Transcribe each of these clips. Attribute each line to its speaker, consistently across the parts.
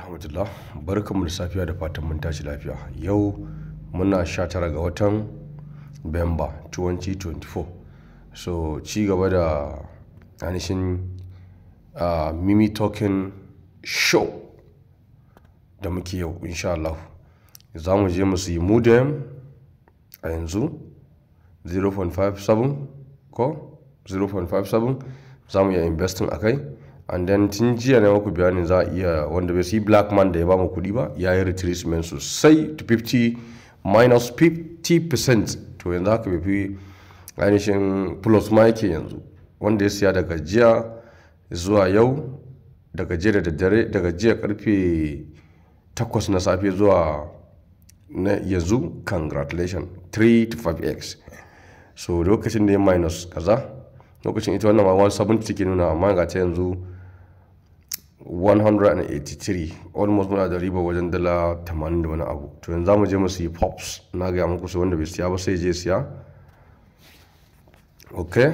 Speaker 1: Alhamdulillah barkanmu da safiya da fatan mun tashi lafiya yau muna 19 ga watan Bemba 2024 so ci gaba da anishin uh, Mimi Token Show da muke yau insha Allah za mu je musu yi modem a yanzu 0.57 ko 0.57 za mu iya investin a kai and then tun jiya ne maku bayanin za a iya wanda bai sai black man da ya ba mu kuɗi ba ya yi retracement sosai to 50 minus 50% to yanzu haka bai fi ainihin plus ma yake yanzu wanda ya siya daga jiya zuwa yau daga jiya da daddare daga jiya karfe 8 na safe zuwa na yanzu congratulation 3 to 5x so lokacin da ya minus kaza lokacin ita wannan ma 170 ke nuna amma ga ta yanzu 183 almost muna da riba wajen dala 80 da wani abu to yanzu mu je mu siya pops na gaya muku su wanda bai siya ba sai je siya ok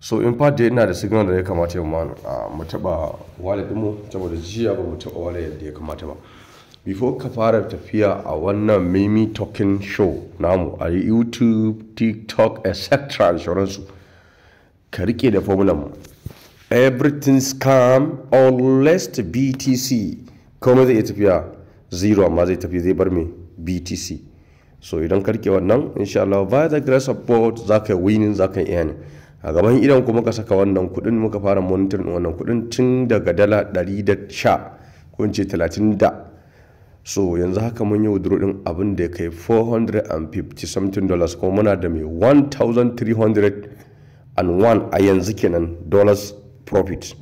Speaker 1: so in fact dai ina da signal da ya kamata A mu taɓa wallet taba saboda jiya ba mu taɓa wallet yadda ya kamata ba before ka fara tafiya a wannan mimi talking show namu a youtube tiktok etc da sauransu ka rike da formula mu everything's calm on last btc komai zai iya tafiya zero amma zai tafi zai bar mai btc so idan karke wannan insha Allah by the grace of God za ka yi winning za ka yi earning a gaban idan kuma ka saka wannan kudin muka fara monitor wannan kudin tun daga dala 110 ko in ce 30 da so yanzu haka mun yi withdraw din abin da ya kai 450 something dollars kuma muna da mai 1301 a yanzu kenan dollars profit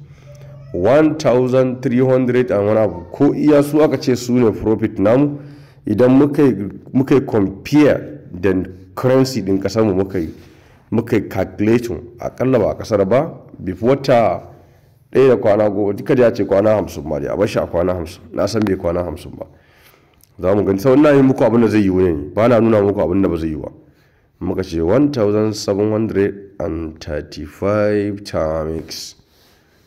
Speaker 1: 1300 and wani abu ko iya su aka ce su ne profit namu idan muka yi compare da currency din kasarmu muka yi muka yi calculation akalla ba a kasar ba before ta ɗaya da kwana goma duka da ya ce kwana hamsin ma da a a kwana hamsin na san bai kwana hamsin ba za mu gani sau yi muku abin da zai yi ne ba na nuna muku abin da ba zai yi ba muka ce 1735 times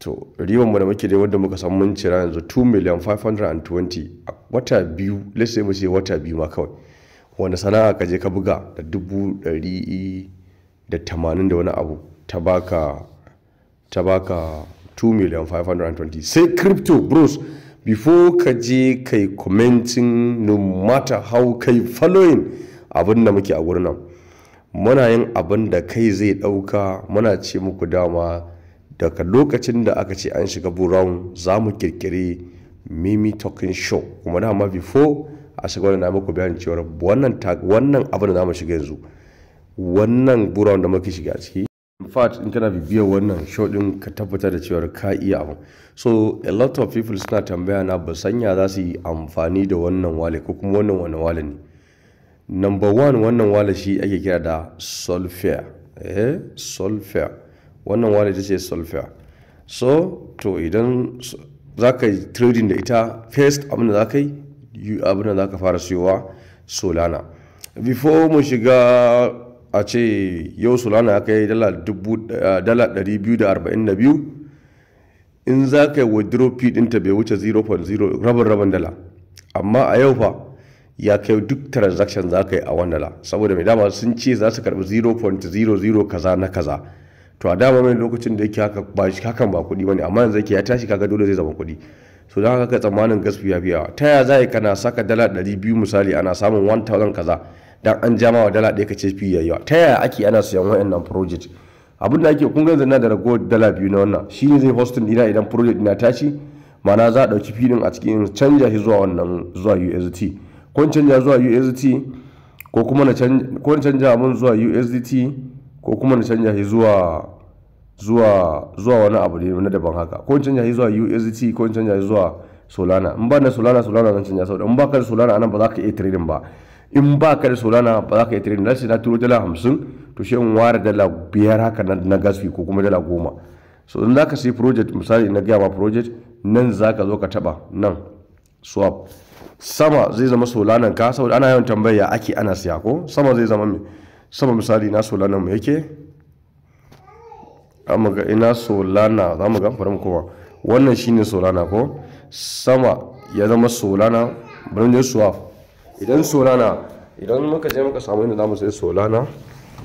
Speaker 1: to riban mu da muke da wanda muka san mun cira yanzu 2 million 520 a wata biyu let's say mu ce wata biyu ma kawai wanda sana'a ka je ka buga da dubu ɗari da tamanin da wani abu ta baka ta baka 2 million 520 sai crypto bros before ka je kai commenting no matter how kai following abin da muke a gurin nan muna yin abin da kai zai ɗauka muna ce muku dama daga lokacin da aka ce an shiga buron za mu kirkiri mimi talking show kuma dama before a shiga wani na muku bayanin cewar wannan wannan abin da za mu shiga yanzu wannan buron da muke shiga ciki in fact in kana bibiyar wannan show din ka tabbatar da cewar ka iya abin so a lot of people suna tambaya na ba sanya za su yi amfani da wannan wale ko kuma wannan wani wale ne number one wannan wale shi ake kira da solfair eh solfair wannan wani ita ce sulfur so to idan za ka yi trading da ita first abin da za ka yi abin da za ka fara siyowa solana before mu shiga a ce yau solana ya kai dala 242 eh, in za ka yi withdraw fee dinta bai wuce 0.0 rabin rabin dala amma a yau fa ya kai duk transaction za ka yi a wannan dala saboda mai dama sun ce za su karbi 0.00 kaza na kaza to a dama mai lokacin da yake haka ba shi hakan ba kuɗi bane amma yanzu yake ya tashi kaga dole zai zama kuɗi so don haka tsammanin gaskiya ya biya ta ya za kana saka dala 200 misali ana samun 1000 kaza dan an jama wa dala ɗaya ka ce fi yayyawa ta yaya ake ana siyan wayannan project abin da ake kunga yanzu na da ragowar dala biyu na wannan shine zai hosting dina idan project dina tashi mana za a ɗauki filin a cikin canja shi zuwa wannan zuwa USDT ko canja zuwa USDT ko kuma na canja mun zuwa USDT ko kuma na canja shi zuwa zuwa zuwa wani abu ne na daban haka ko in canja shi zuwa UST ko in canja shi zuwa Solana in ba na Solana Solana zan canja saboda in ba ka da Solana anan ba za ka iya trading ba in ba ka da Solana ba za ka iya trading lasi na turo dala hamsin to shi in ware dala biyar haka na gas fee ko kuma dala goma so in za ka sai project misali na gaya ba project nan za ka zo ka taba nan swap sama zai zama Solana ka saboda ana yawan tambaya ake ana siya ko sama zai zama me sama misali na solana mu yake amma ga ina solana za mu ga bari mu kowa wannan shine solana ko sama ya zama solana bari mu je swap idan solana idan muka je muka samu inda zamu sai solana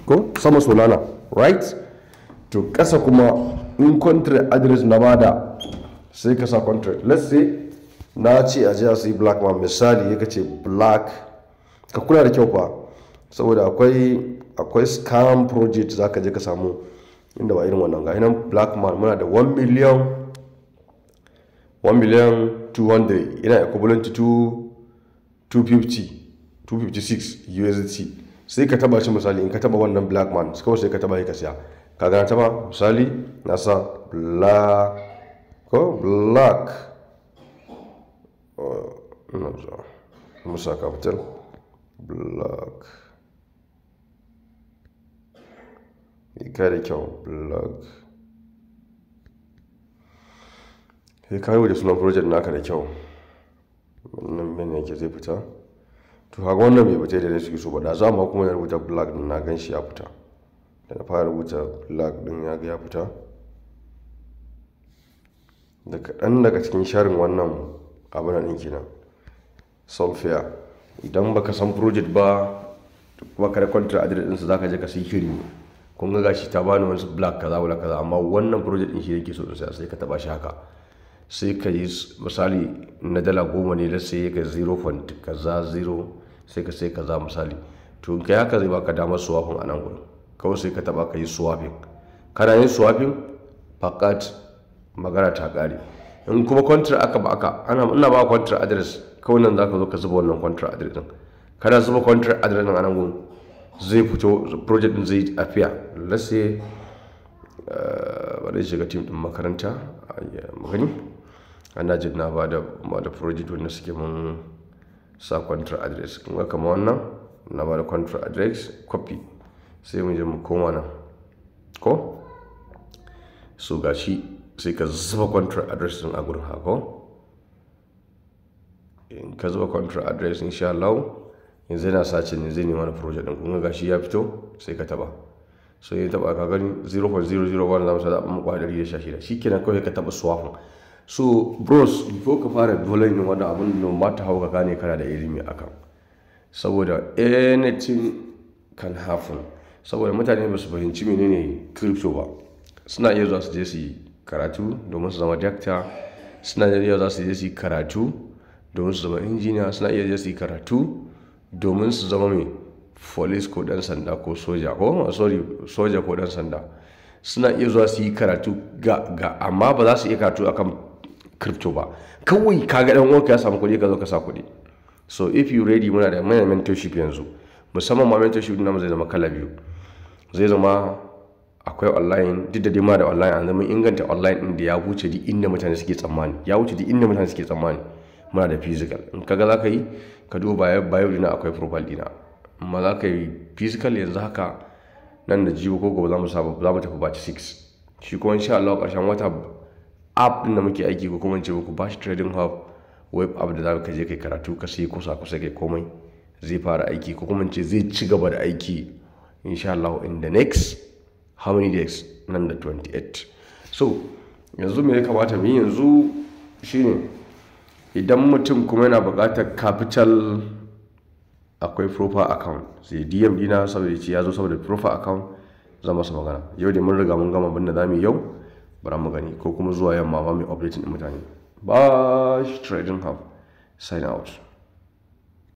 Speaker 1: ko sama solana right to kasa kuma in country address na bada sai ka sa let's say na ce a jiya sai black ma misali ya ce black ka kula da kyau fa saboda akwai akwai scam project za ka je ka samu inda ba irin wannan ga nan black man muna da 1 million 1 million 200 yana equivalent to 250 256 USD sai ka taba shi misali in ka taba wannan black man kawai sai ka taba ka siya ka gana taba misali na sa black ko black oh, musa capital black bai da kyau blog sai ka da sunan project naka da kyau wannan bin yake zai fita to haka wannan bai fita da suke so ba da za mu kuma na rubuta blog din na gan shi ya fita da na fara rubuta blog din ya ga ya fita da kaɗan daga cikin sharin wannan abin nan kenan software idan baka san project ba baka da kwantar adireshinsu za zaka je ka sai shiri kun ga gashi ta bani wani black kaza wala kaza amma wannan project din shi yake so in sai ka taba shi haka sai ka yi misali na dala goma ne da sai ka 0.0 kaza zero sai ka sai kaza misali to kai haka zai baka damar swapping a nan gurin kawai sai ka taba ka yi swapping kana yin swapping fakat magana ta kare in kuma contract aka ba aka ana ina ba contract address kawai nan zaka zo ka zuba wannan contract address din kana zuba contract address din a nan gurin zai fito project din zai afiya let's say zai uh, shiga team din makaranta magani ana jin na ba da ba da project wanda suke mun sa counter address kun ga kamar wannan na ba da counter address copy sai mu je mu koma nan ko so gashi sai ka zuba counter address din a gurin hako in ka zuba counter address insha Allah yanzu yana sace ne zai nema na project din kuma gashi ya fito sai ka taba so ya taba ka gani 0.001 mu sa amma kwa 116 shikenan kawai ka taba swap so bros before ka fara dole ne wannan abun no mata ka gane kana da ilimi akan saboda anything can happen saboda mutane ba su fahimci menene crypto ba suna iya zuwa su je su yi karatu domin su zama dakta suna iya zuwa su je su yi karatu domin su zama injiniya suna iya zuwa su yi karatu domin su zama mai folis ko dan sanda ko soja ko sorry soja ko dan sanda suna iya zuwa su yi karatu ga ga amma ba za su iya karatu akan crypto ba kawai kaga dan uwanka ya samu kuɗi ka zo ka sa kuɗi so if you ready muna da mai mentorship yanzu musamman ma mentorship namu zai zama kala biyu zai zama akwai online duk da dai ma da online an zama inganta online din da ya wuce duk inda mutane suke tsammani ya wuce duk inda mutane suke tsammani muna da physical in kaga za ka yi ka duba bio dina akwai profile dina amma za ka yi physical yanzu haka nan da jiwo ko gobe za mu saba za mu tafi batch 6 shi kuma insha Allah karshen wata app din da muke aiki ko kuma ce muku bashi trading hub web app da za ka je kai karatu ka sai kusa kusa kai komai zai fara aiki ko kuma ce zai ci gaba da aiki insha Allah in the next how many days nan da 28 so yanzu me ya kamata mu yi yanzu shine idan mutum kuma yana buƙatar capital akwai proper account sai dm dina saboda ce ya zo saboda proper account zan masa magana yau da mun riga mun gama abin da za mu yau bara mu gani ko kuma zuwa yamma ba mai updating din mutane ba trading hub sign out